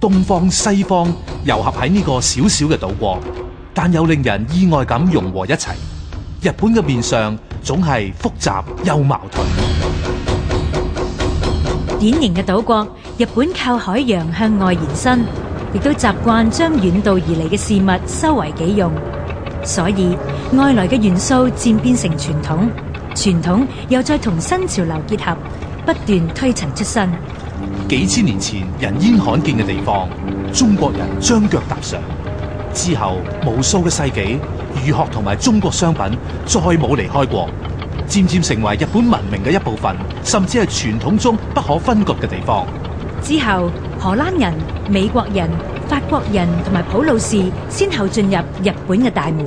東方西方糅合，喺呢個小小嘅島國，但又令人意外咁融合一齊。日本嘅面相總係複雜又矛盾。典型嘅島國，日本靠海洋向外延伸，亦都習慣將遠道而嚟嘅事物收為己用，所以外來嘅元素漸變成傳統，傳統又再同新潮流結合，不斷推陳出身。幾千年前人煙罕見嘅地方，中國人將腳踏上之後，無數嘅世紀，儒學同埋中國商品再冇離開過，漸漸成為日本文明嘅一部分，甚至係傳統中不可分割嘅地方。之後，荷蘭人、美國人、法國人同埋普魯士先後進入日本嘅大門，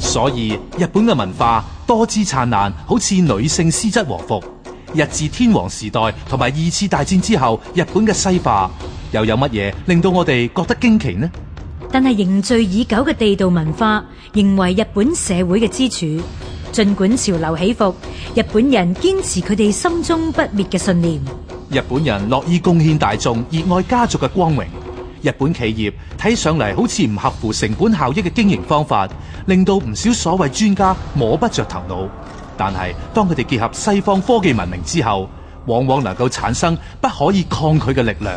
所以日本嘅文化多姿燦爛，好似女性絲質和服。日治天皇時代同埋二次大戰之後，日本嘅西化又有乜嘢令到我哋覺得驚奇呢？但係凝聚已久嘅地道文化，仍為日本社會嘅支柱。盡管潮流起伏，日本人堅持佢哋心中不滅嘅信念。日本人樂意貢獻大眾，熱愛家族嘅光榮。日本企業睇上嚟好似唔合乎成本效益嘅經營方法，令到唔少所謂專家摸不着頭腦。但係，當佢哋結合西方科技文明之後，往往能夠產生不可以抗拒嘅力量。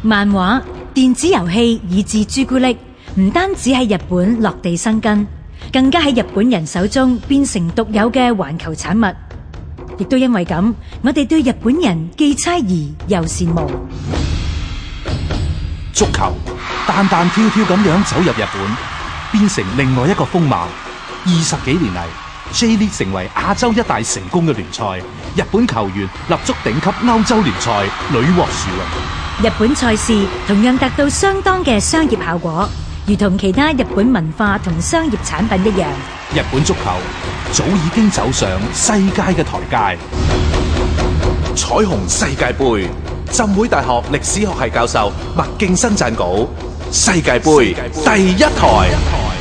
漫畫、電子遊戲以至朱古力，唔單止喺日本落地生根，更加喺日本人手中變成獨有嘅環球產物。亦都因為咁，我哋對日本人既猜疑又羨慕。足球彈彈跳跳咁樣走入日本，變成另外一個風貌。二十幾年嚟，J 聯賽成為亞洲一大成功嘅聯賽，日本球員立足頂級歐洲聯賽，屢獲殊榮。日本賽事同樣達到相當嘅商業效果，如同其他日本文化同商業產品一樣。日本足球早已經走上世界嘅台階。彩虹世界杯，浸會大學歷史學系教授麥敬新撰稿：世界杯第一台。